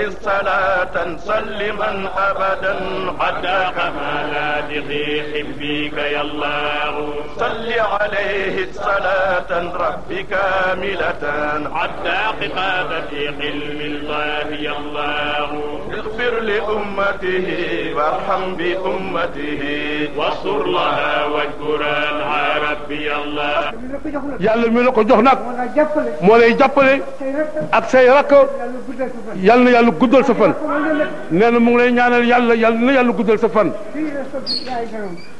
عليه صلاة سلما أبدا حتى كمالات حبيك يا الله صل عليه صلاة رب كاملة حتى قفاف في حلم الله يا الله اغفر لأمته وارحم بأمته واستر لها واجبرها مع ربي الله yàlla mi la ko jox nag moo lay jàppale ak say rakk yàlla na yàlla yàlla guddal sa fan nee na mu ngi lay ñaanal yàlla yàlla na yàlla guddal sa fan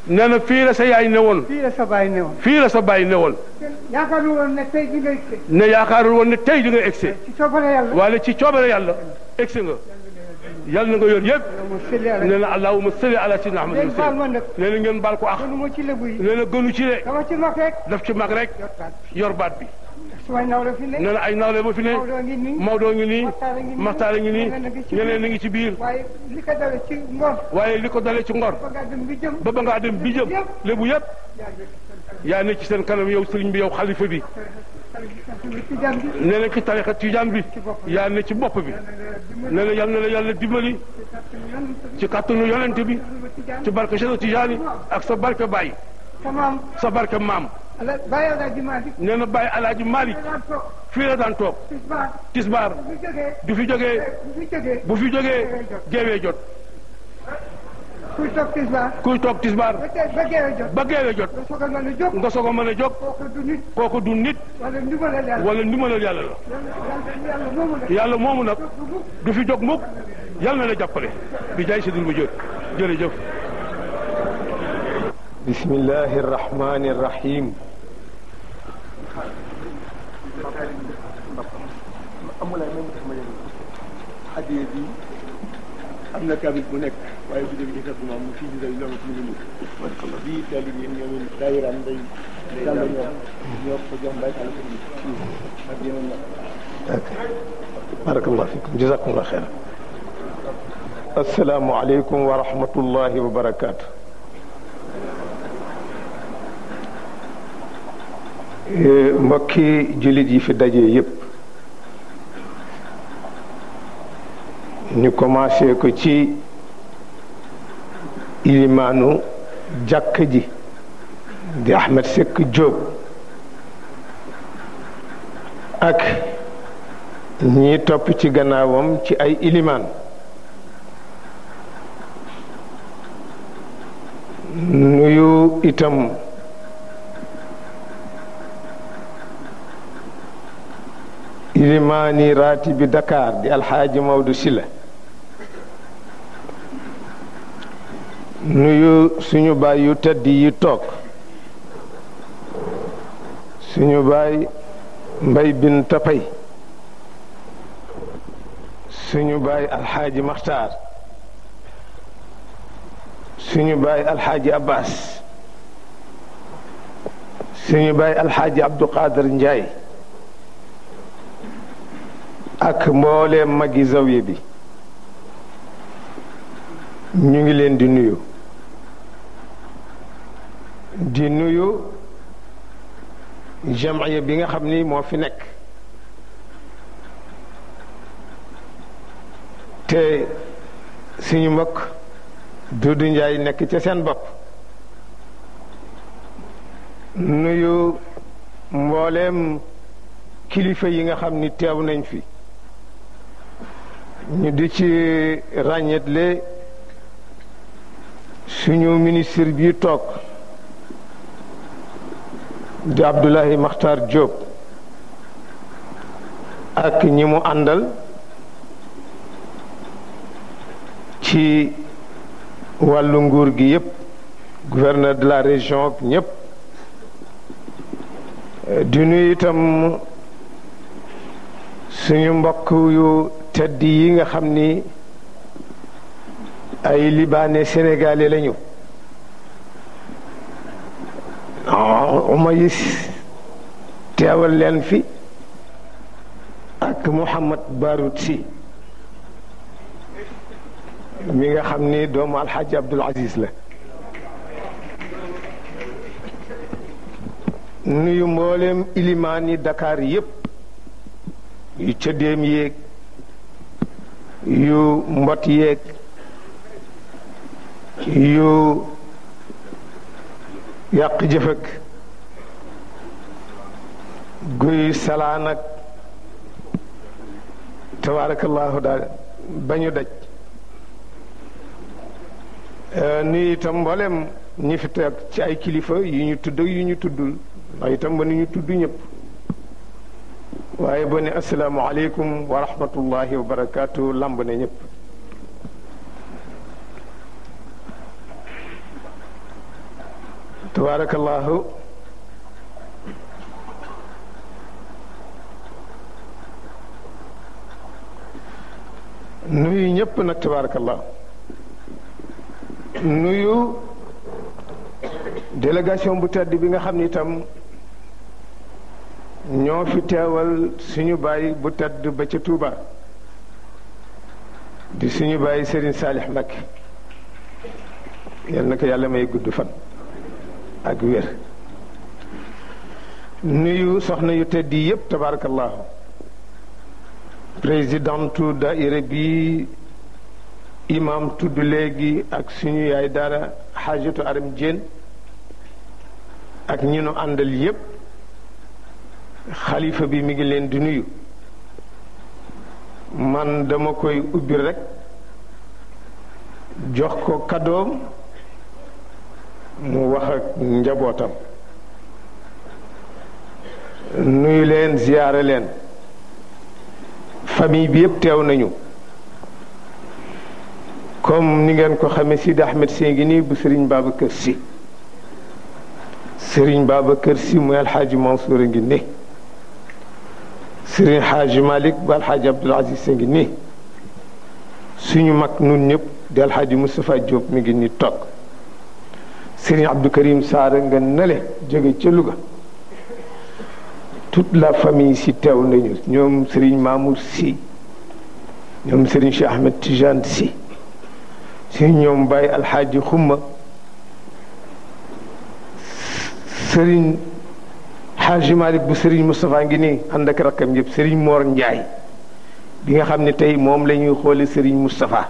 nee na fii la sa yaay newoon fii la sa baay newoon fii la sa baay newoon yaakaarul woon ne tey di nga egsi ne yaakaarul woon ne tey di nga egsi waaye ci coobare yàlla egsi nga yàlla na nga yor yëpp nee na allahumma salli ala sayyidina Ahmad nee na ngeen baal ko ak nee na gënu ci le daf ci mag rek yor baat bi nee na ay nawle ba fi ne Maodo ngi nii Maxtaar ngi nii ñeneen ngi ci biir waaye li ko dalee ci ngor waaye li ko dalee ci ngor ba ba dem bi jëm lébu yëpp yaa ne ci seen kanam yow sëriñ bi yow xalifa bi nee na ci tarixa tijaan bi yaa ne ci bopp bi nee na yal na la yàlla dimbali ci kàttanu yonente bi ci barke Cheikh Tijaani ak sa barke bay sa barke maam Baye Alaaji Malick. Alaaji Malick. fii la daan toog. Tisbaar. du fi jógee. bu fi jógee. géewee jot. kuy toog Tisbaar. kuy ba géewee jot. ba nga soog a mën a jóg. a mën nit. wala ndimalal yàlla. wala ndimalal yàlla la. yàlla moomu du fi jóg mukk. yàlla na la jàppale. bi jaay si dul bu jë jërëjëf. bismillahi rahmaani rahim. addiya bi am na kamit bu nekk waaye bu jógee ci sa moom mu fii di day loolu fii mu nekk bii tali bi ñoom daayiraam day dàll ñoom ñoo ko jox mbay xale ko ak yeneen nag barakallah fikum jazakumullah xeer asalaamualeykum wa rahmatullahi wa barakaatu eh, mbokki jullit yi fi daje yépp ñu commencé ko ci ilimaanu jàkk ji di Ahmed Seck Diop ak ñi topp ci gannaawam ci ay ilimaan nuyu itam ilimaani raati bi Dakar di alxaaji Maodo Sylla nuyu suñu baay yu tedd yi toog suñu baay mbay bin tapay suñu baay alxaaji maxtaar suñu baay alxaaji abbas suñu baay alxaaji abdu qadir njaay ak mbooleem magi zawiya bi ñu ngi leen di nuyu di nuyu jamiya bi nga xam ni moo fi nekk te suñu mbokk Dudu Njaay nekk ca seen bopp nuyu mbooleem kilifa yi nga xam ni teew nañ fi ñu di ci ràññetle suñu ministre bi toog di Abdoulaye Makhtar Diop ak ñi mu àndal ci wàllu nguur gi yépp gouverneur de la région ak ñépp di itam suñu mbokk yu tedd yi nga xam ni ay libaane sénégalais lañu yi teewal leen fi ak Mouhamad Barout si mi nga xam ni doomu Alxaaji Abdul Aziz la nuyu mbooleem ilimaan yi Dakar yépp yu cëddeem yéeg yu mbot yéeg yu yàq jëfëk guy salaan ak tabaarakallaahu daal ba ñu daj euh, ni itam mboolem ñi fi teeg ci ay kilifa yu ñu tudd yu ñu tudd ndax itam ba nu ñu tudd ñëpp waaye ba ne asalaamualeykum wa rahmatullahi wa barakaatu lamb na ñëpp tabaarakallaahu nuyu ñëpp nag tabaarakallah nuyu délégation bu tedd bi nga xam ni itam ñoo fi teewal suñu baay bu tedd ba ca Touba di suñu baay Serigne Salih Mbacké yal na ko yàlla may gudd fan ak wér nuyu soxna yu tedd yi yëpp tabaarakallah présidentu daayira bi imam tudd léegi ak suñu yaay dara xaajatu aram jéen ak ñi àndal yépp xalifa bi mi ngi leen di nuyu man dama koy ubbi rekk jox ko kàddoom mu wax ak njabootam nuyu leen ziyaare leen famille bi yëpp teew nañu comme ni ngeen ko xame Sidi Ahmed Sy ngi nii bu Serigne Babacar Sy Serigne Babacar Sy muy alxaaji Mansour a ngi nii Serigne Xaaji Malick bu alxaaji Abdoul Aziz Sy ngi nii suñu mag nun ñëpp di alxaaji Moustapha Diop mi ngi nii toog Serigne Abdou Karim Saara nga nale jóge ca Louga toute la famille si teew nañu ñoom Serigne Mamour si ñoom Serigne Cheikh Ahmed Tijane si si ñoom Baye Alxaaji Xumma Serigne Xaaji bu Serigne Moustapha ngi nii ànd ak rakkam yëpp Serigne moor Ndiaye bi nga xam ne tey moom la ñuy xoole Serigne Moustapha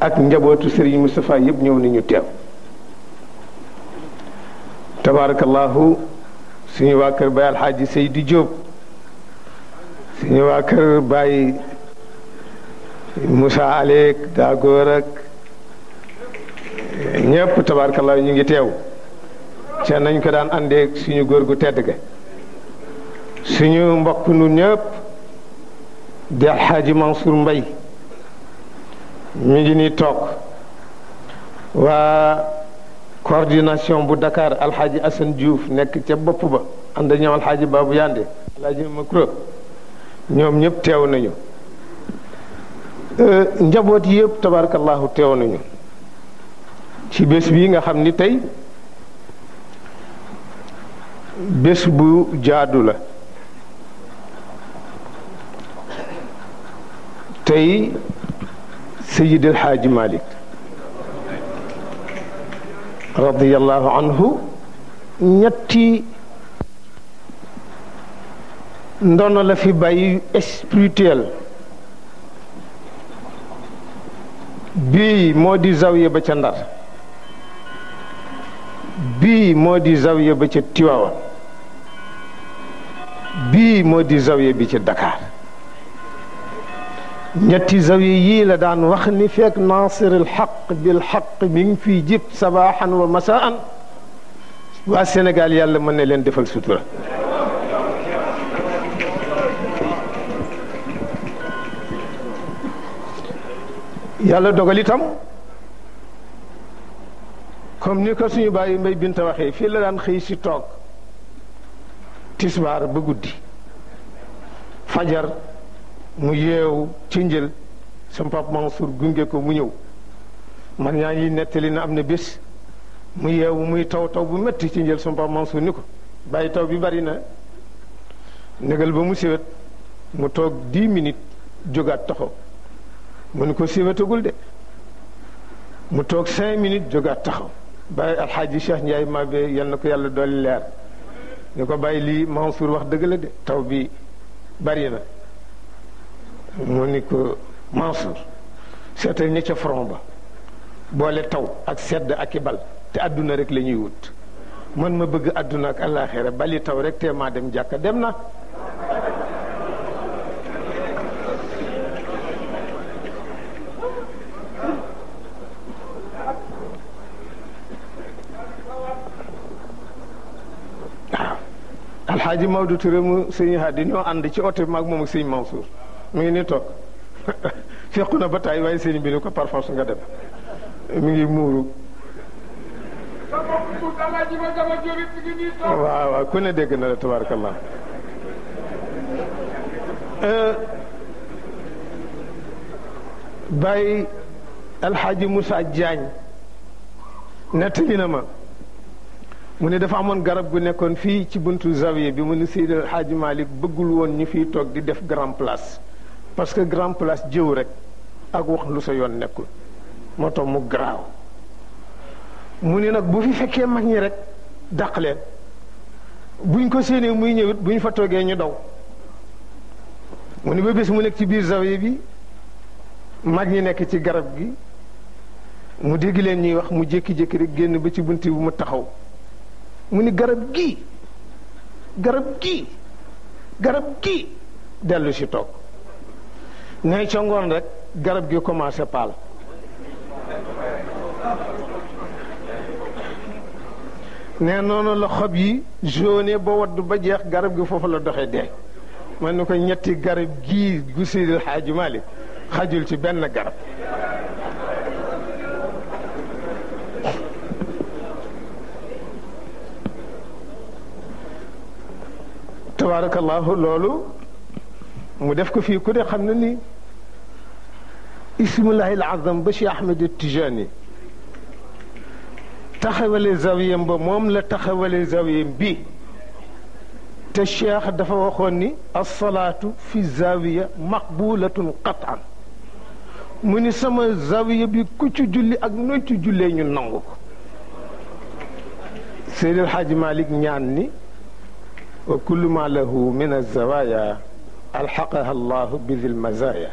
ak njabootu Serigne Moustapha yëpp ñëw nañu teew tabarakallahu suñu waa kër Baye Alxaaji Seydi Diop suñu waa kër Baye Moussa Alek Dagor ak ñëpp tabarkallaa ñu ngi teew ca nañ ko daan àndee suñu góor gu tedd ga suñu mbokk nu ñëpp di Alxaaji Mansour Mbay mi ngi ni toog waa coordination bu Dakar alxaaji Assane Diouf nekk ca bopp ba ànd ñoom alxaaji Babou Yande alxaaji Makro ñoom ñëpp teew nañu euh, njaboot yëpp tabaarakallahu teew nañu ci bés bii nga xam ni tey bés bu jaadu la tey Seydi El Hadji Malick radiyallahu anhu ñetti ndono la fi bàyyi spirituel bii moo di zawiya ba ca ndar bii moo di zawiya ba ca tiwaawan bii moo di zawiya bi ca Dakar ñetti zawiya yii la daan wax ni fekk naasiril xaq bil xaq mi ngi fii jib sabaaxan wa masaan waa Sénégal yàlla mën na leen defal sutura yàlla dogal itam comme ni ko suñu bàyyi mbay binta waxee fii la daan xëy si toog tisbaar ba guddi fajar mu yeew ci njël sama papa Mansour gunge ko mu ñëw man yaa ngi nettali na am na bés mu yeewu muy taw taw bu metti ci njël sama papa Mansour ni ko bàyyi taw bi bari na négal ba mu siwet mu toog dix minutes jógaat taxaw mu ni ko siwetagul de mu toog cinq minutes jógaat taxaw bàyyi alxaaji Cheikh Ndiaye Mabé yal na ko yàlla dolli leer ni ko bàyyi lii Mansour wax dëgg la de taw bi bari na mu ni ko Mansour seetal ñi front ba boole taw ak sedd ak i bal te àdduna rek lañuy wut mën ma bëgg àdduna ak àllaaxira bali taw rek te maa dem jàkka dem na waaw alxaaji Maodo Touré mu sëñ Hadi ñoo ànd ci oto bi maag moom ak sëñ Mansour mu ngi nii toog fekku na ba taay waaye sëriñ bi ko par force nga dem mu ngi muuru. waaw waaw ku ne dégg na la tabarakallah euh, Baye Alxaaji Moussa Diagne nettali na ma mu ne dafa amoon garab gu nekkoon fii ci buntu zawiya bi mu ne Seydi Alxaaji Malick bëggul woon ñu fiy toog di def grand place parce que grand place jëw rek ak wax lu sa yoon nekkul moo tax mu garaaw mu ni nag bu fi fekkee mag ñi rek dàq leen buñ ko séenee muy ñëwit ñu fa toogee ñu daw mu ne ba bés mu nekk ci biir zawiya bi mag ñi nekk ci garab gi mu dégg leen ñuy wax mu jékki-jékki rek génn ba ci bunt bi mu taxaw mu ni garab gii garab gii garab gii dellu si toog ne ca ngoon garab gi commencé paal ne noonu la xob yi jaune ba wadd ba jeex garab gi foofu la doxee dee man ni ko ñetti garab gii gu Seydil Xaaji Maalik xajul ci benn garab tabaarakallaahu loolu mu def ko fii ku ne xam na ni ismullahi alazam ba Cheikh Ahmed Tijani taxawale zawiyam ba moom la taxawale zawiyam bi te cheikh dafa waxoon ni alsalaatu fi zawiya maqbulatun qatan mu ni sama zawiya bi ku ci julli ak noy ci jullee nangu ko Seydi El Hadji ñaan ni wa kullu ma lahu min alzawaya alxaqaha allahu bidil mazaya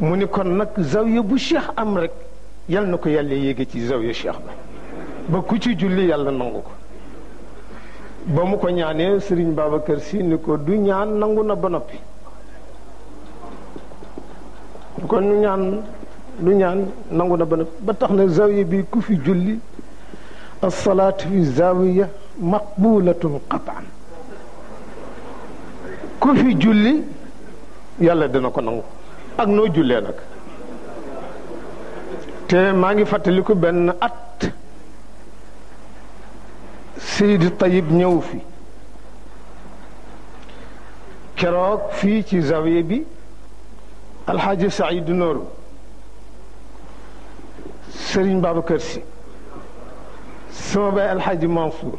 mu ni kon nag zawiya bu cheikh am rek yal na ko yàlla yéege ci zawiya cheikh ba ba ku ci julli yàlla nangu ko ba mu ko ñaanee sëriñ Babacar si ni ko du ñaan nangu na ba noppi kon ñaan lu ñaan nangu na ba tax na zawiya bi ku fi julli asalaatu fi zawiya maqbulatun qataan ku fi julli yàlla dina ko nangu ak noo jullee nag te maa ngi fàttaliku benn at Seydi Tayib ñëw fi keroog fii ci zawiya bi alxaaji Saïd Nooru Sëriñ Babacar Si sama baay alxaaji Mansour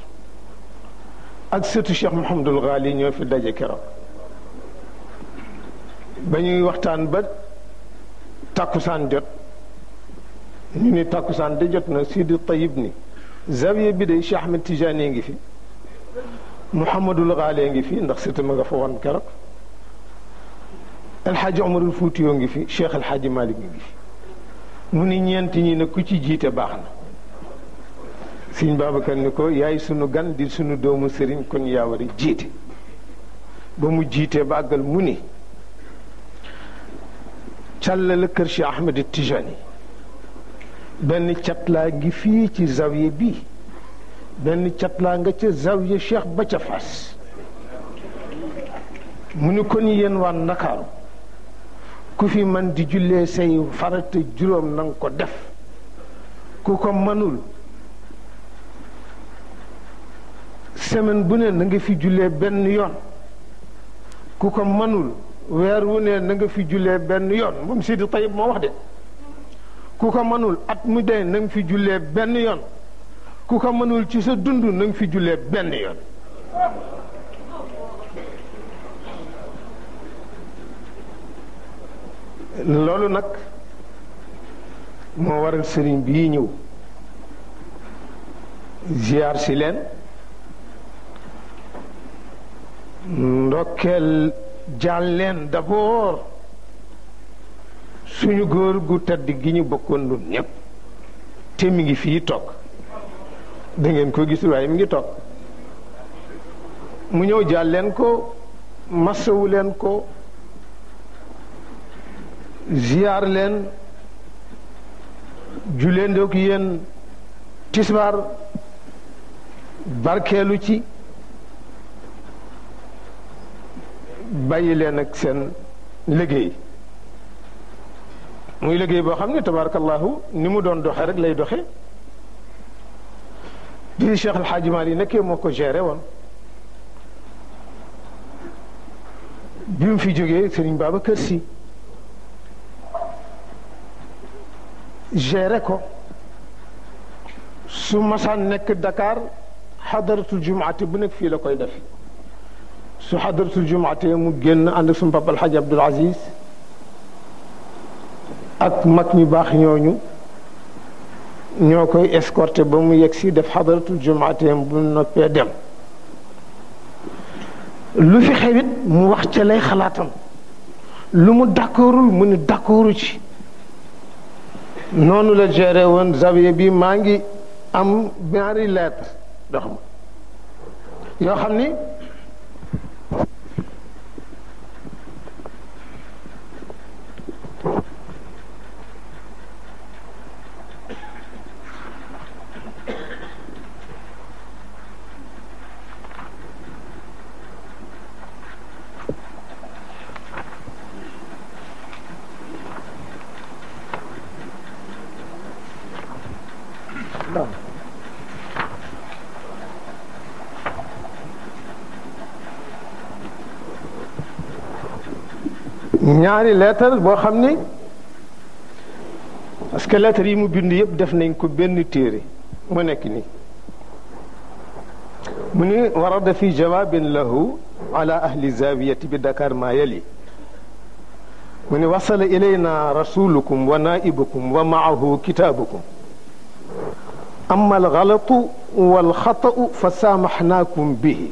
ak sëtu Cheikh Mouhamadul Ghali ñoo fi daje keroog ba ñuy waxtaan ba tàkkusaan jot ñu ni tàkkusaan de jot na Sidi Tayib ni zawiya bi de Cheikh Ahmed ngi fi mu Mouhamadul Ghali ngi fi ndax sëtama nga fa wan keroog El Hadj Fuutiyoo ngi fi Cheikh El ngi fi mu ni ñeenti ñi ne ku ci jiite baax na Sëñ Babacar ni ko yaay sunu gan di sunu doomu sëriñ kon yaa war a jiite ba mu jiitee ba àggal mu ni càllale kër Cheikh Ahmed Tijani benn catlaa ngi fii ci zawiya bi benn catlaa nga ca zawiya Cheikh ba ca Fass mu ni kon yéen waa Ndakaaru ku fi man di jullee say farata juróom na ko def ku ko mënul semaine bu ne nanga fi jullee benn yoon ku ko mënul weer wu ne nanga fi jullee benn yoon moom Sidi Tayib moo wax de ku ko mënul at mu dee na fi jullee benn yoon ku ko mënul ci sa dund na fi jullee benn yoon loolu nag moo waral sëriñ bii ñëw ziar si leen ndokkeel jàll leen d'abord suñu góor gu tedd gi ñu bokkoon lu ñépp te mi ngi fii toog dangeen ngeen ko gisul waaye mi ngi toog mu ñëw jàll leen ko masawu leen ko ziyaar leen juleen doog yéen tisbaar barkeelu ci bàyyi leen ak seen liggéey muy liggéey boo xam ne tabarakallahu ni mu doon doxe rek lay doxe bi Cheikh El Hadj nekkee moo ko géré woon bi mu fi jógee Serigne Babacar Sy géré ko su masaan nekk dakaar xadaratul jumaati bu nekk fii la koy def su xadaratul jumaatee mu génn ànd ak suñu papa alxaji abdul aziz ak mag ñu baax ñooñu ñoo koy escorté ba mu yegg si def xadaratul jumaatee bu noppee dem lu fi xewit mu wax ca xalaatam lu mu d'accordul mu ne d'accordu ci noonu la géré woon zawiya bi maa ngi am maari leet dox yoo xam ni ñaari leetar boo xam ni parce que leetar yi mu bind yëpp def nañ ko benn téere mu nekk nii mu ni warada fi jawaabin lahu ala ahli zawiyati bi dakar maa yali mu ni wasala ilayna rasulukum wa naibukum wa maahu kitaabukum amma alxalatu walxatau fa saamaxnaakum bihi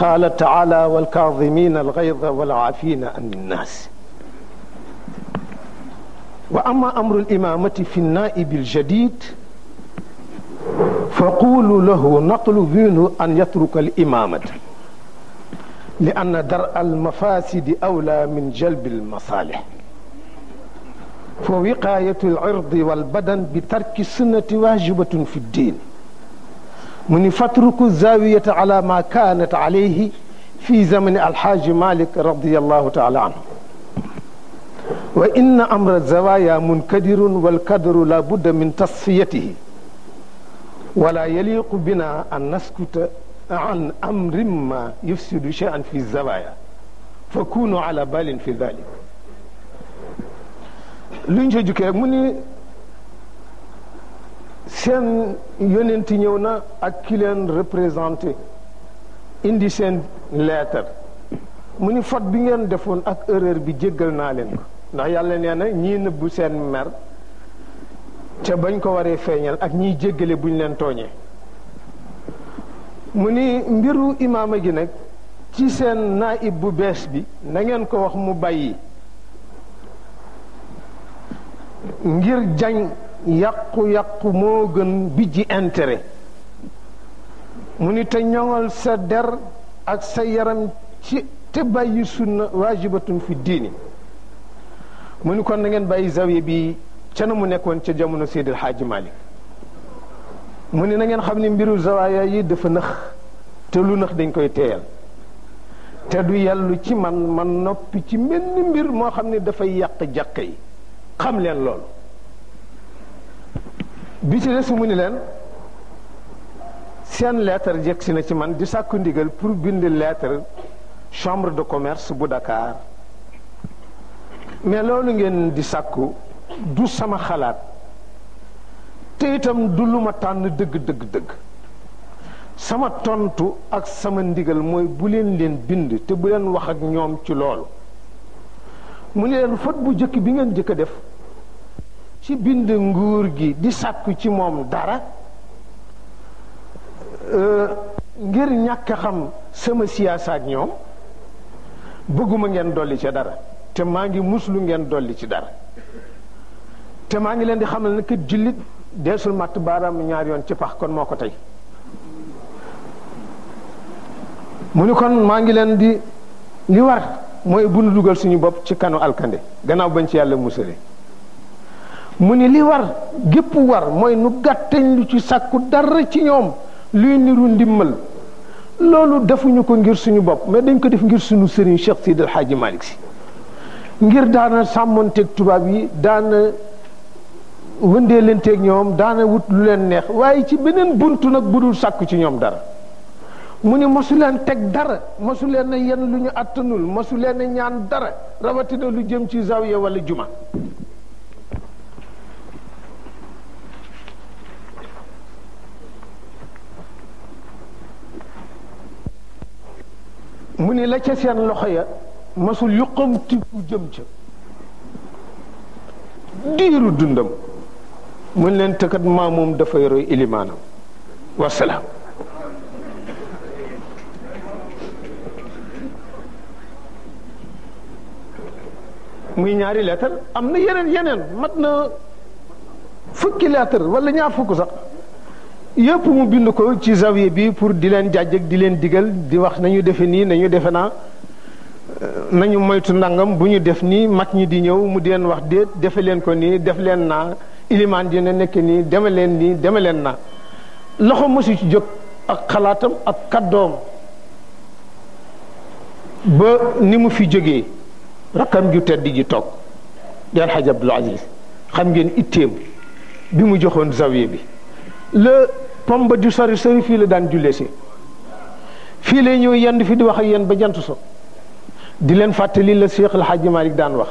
qaala taala walkaadimiina alxayda walaafiina an innaas wa amma amru alimaamati fi naa'ibi aljadid فقولوا له نطلب منه أن يترك الإمامة لأن درء المفاسد أولى من جلب المصالح فوقاية العرض والبدن بترك السنة واجبة في الدين mu ni fatruku zawiyata ala ma kanat alayhi fi zamani alxaaji malik radiallahu taala anhu wa inna amra zawaya munkadirun walkadaru la budda min tasfiyatihi wala yaliqu bina an naskuta an amrin ma yufsidu cheyan fi zawaya fa kunu ala balin fi dalik luñ sa jukkee rek mu ni seen yonent ñëw na ak kileen représenté indi seen leetar mu ni fot bi ngeen defoon ak erreur bi jéggal naa leen ko ndax yàlla nee na ñii nëbbu seen mer ca bañ ko waree feeñal ak ñiy jéggale buñ leen tooñee mu ni mbiru imaama gi nag ci seen naayib bu bees bi nangeen ko wax mu bàyyi ngir jañ yàqu-yàqu moo gën bi ji intérêt mu ni te ñoŋal sa der ak sa yaram ci te bàyyi sunna waajibatun fi diini mu ni kon na ngeen bàyyi zawiya bi ca na mu nekkoon ca jamono Seydil Xaaji Malik mu ni na ngeen xam ni mbiru zawaaya yi dafa nëx te lu nëx dañ koy teeyal te du yàllu ci man man noppi ci mel mbir moo xam ne dafay yàq jàkka yi xam leen loolu bi ci des mu ni leen seen lettre yegsi na ci man di sàkku ndigal pour bind lettre chambre de commerce bu Dakar mais loolu ngeen di sàkku du sama xalaat te itam du lu ma tànn dëgg dëgg dëgg sama tontu ak sama ndigal mooy bu leen leen bind te bu leen wax ak ñoom ci loolu mu ni leen fot bu jëkk bi ngeen jëkk a def ci bind nguur gi di sàkku ci moom dara euh, ngir ñàkk xam sama siyaasa ak ñoom bëgguma ngeen dolli ci dara te maa ngi muslu ngeen dolli ci dara te maa ngi leen di xamal ne kat jullit deesul matt baaraam ñaar yoon ci pax kon moo ko tey mu ni kon maa ngi leen di li war mooy bu nu dugal suñu bopp ci kanu alkande gannaaw bañ ci yàlla musale mu ni li war gépp war mooy nu gàttañ lu ci sàkku dara ci ñoom luy niru ndimmal loolu defuñu ko ngir suñu bopp mais dañ ko def ngir suñu sëriñ Cheikh Sidi El Hadji si ngir daana sàmmonteeg tubaab yi daana wëndeelanteeg ñoom daana wut lu leen neex waaye ci beneen buntu nag bu dul sàkku ci ñoom dara mu ni mosu leen teg dara masu leen a yenn lu ñu attanul mosu leen ñaan dara rawatina lu jëm ci zawiya wala juma mu ni la ca seen loxo ya masul yuqamtiku jëm ca diiru dundam mun leen tëkkat maamoom dafay roy ilimaanam wasalaam muy ñaari leetar am na yeneen yeneen mat na fukki leetar wala ñaar fukk sax yëpp mu bind ko ci zawiya bi pour di leen jàjj di leen digal di wax nañu defe nii nañu defe naa euh, nañu moytu ndangam bu ñu def nii mat ñi di ñëw mu di wax déet defe leen ko nii def leen naa ilimaan dina nekk nii deme leen nii deme leen naa loxo mësu ci jóg ak xalaatam ak kaddoom ba ni mu fi jógee rakkam ju tedd ji toog den Alxaaj Abdul Aziz xam ngeen itteem bi mu joxoon zawiya bi ba di sori sori fii la daan jullee si fii lay ñëw yendu fi di wax ak yéen ba jant so di leen fàttali la Cheikh El Hadj daan wax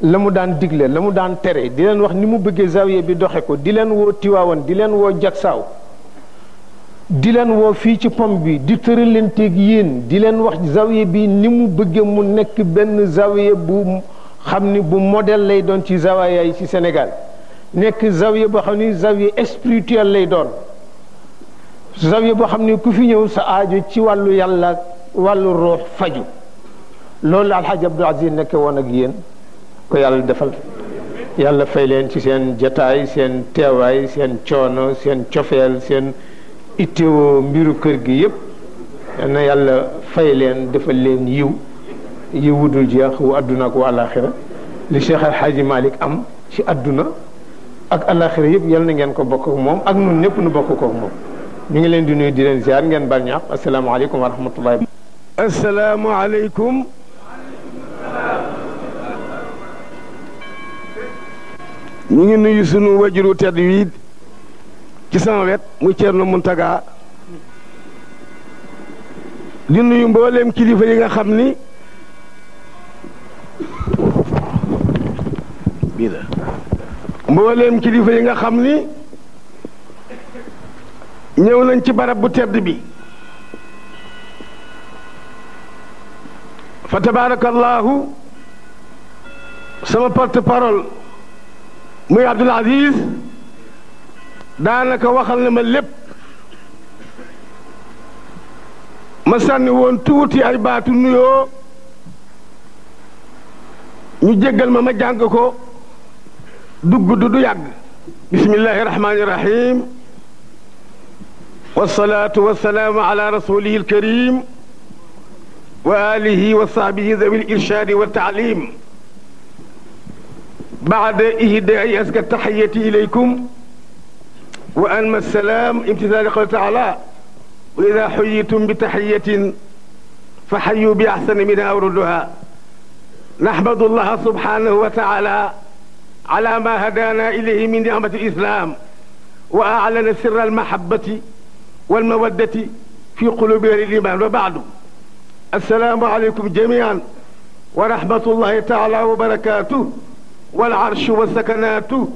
la mu daan digle la mu daan tere di leen wax ni mu bëggee zawiya bi doxe ko di leen woo Tiwaawan di leen woo Jaksaaw di leen woo fii ci pom bi di tëralanteeg yéen di leen wax zawiya bi ni mu bëggee mu nekk benn zawiya bu xam ni bu model lay doon ci zawiya yi ci senegal nekk zawiya boo xam ni zawiya spirituel lay doon zawiya boo xam ne ku fi ñëw sa aaju ci wàllu yàlla wàllu ruux faju loolu alxaaji abdul aziz nekk woon ak yéen ko yàlla defal yàlla fay leen ci seen jataay seen teewaay seen coono seen cofeel seen itteewoo mbiru kër gi yépp na yàlla fay leen defal leen yiw yiw wudul jeex wu àdduna ak wu alaxira li cheikh alxaaji malik am ci àdduna ak alaxira yépp yal na ngeen ko bokk ak moom ak nun ñépp nu bokk ko moom ñu ngi leen di nuyu di leen ziar ngeen baal ñu àq asalaamaaleykum wa rahmatullahi. ñu ngi nuyu sunu wajuru tedd wi ci sama wet mu Thierno Mountaga di nuyu mbooleem kilifa yi nga xam ni bii kilifa yi nga xam ni. ñëw nañ ci barab bu tedd bi fa tabaarakallaahu sama porte parole muy Abdoul Aziz daanaka waxal na ma lépp ma sànni woon tuuti ay baatu nuyoo ñu jéggal ma ma jàng ko dugg du du yàgg bismillahi rahmaani rahim والصلاة والسلام على رسوله الكريم وآله وصحبه ذوي الإرشاد والتعليم بعد إهداء أزكى التحية إليكم وأنم السلام امتثال قول تعالى وإذا حييتم بتحية فحيوا بأحسن منها أو ردها نحمد الله سبحانه وتعالى على ما هدانا إليه من نعمة الإسلام وأعلن سر المحبة wal mawaddati fi qulubi al iman wa baadu assalaamu aleykum jamian wa rahmatullahi taala wa barakatuh wal arsh wa sakanatu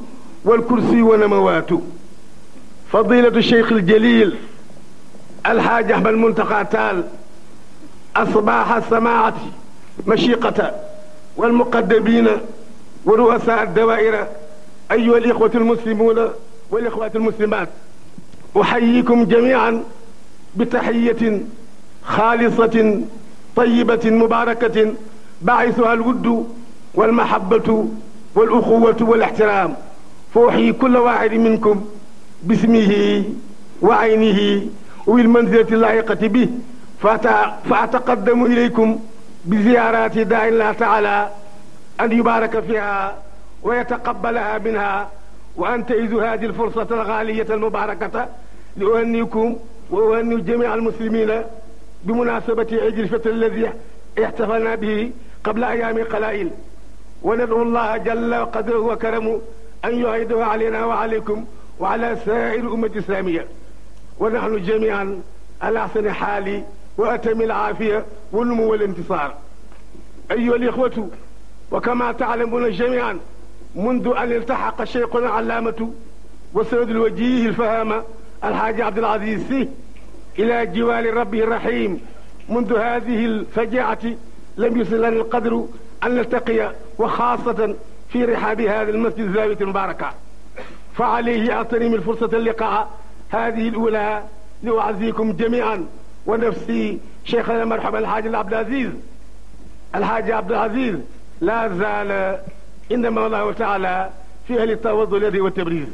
wal kursi wa namawaatu fadilatu cheikh al jalil alxaaj ahmad muntaqa taal asbaha samaati mashiqata wal muqaddamina wa ruasa dawaira ayuha al ixwatu almuslimuna wal ixwatu almuslimat uxayikum jamian bi taxiyatin xaalisatin tayibatin mubaarakatin baayisuha alwuddu walmahabatu waluxuwatu walixtiraam fa uxyi kulla waaxidin minkum bismihi wa aynihi wil manzilati laayiqati bi fa ataqaddamu ilaykum bi ziyaaraati daa illah taala an yubaaraka fiha wa yataqabbalaha minha وأنتهز هذه الفرصة الغالية المباركة لأهنيكم وأهني جميع المسلمين بمناسبة عيد الفطر الذي احتفلنا به قبل أيام قلائل وندعو الله جل قدره وكرمه أن يعيده علينا وعليكم وعلى سائر الأمة الإسلامية ونحن جميعا على أحسن حال وأتم العافية والنمو والانتصار أيها الإخوة وكما تعلمون جميعا منذ أن التحق شيخنا العلامة وسند الوجيه الفهامة الحاج عبد العزيز سي إلى جوار ربه الرحيم منذ هذه الفجعة لم يسل لنا القدر أن نلتقي وخاصة في رحاب هذا المسجد الزاوية المباركة فعليه أغتنم الفرصة اللقاء هذه الأولى لأعزيكم جميعا ونفسي شيخنا مرحبا الحاج عبد العزيز الحاج عبد العزيز لا زال إنما الله تعالى في أهل التواضع الذي والتبرير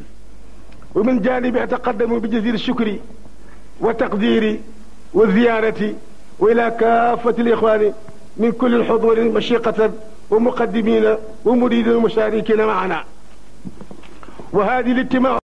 ومن جانبها تقدموا بجزيل الشكر والتقدير والزيارة وإلى كافة الإخوان من كل الحضور مشيقة ومقدمين ومريدين ومشاركين معنا وهذه الاجتماع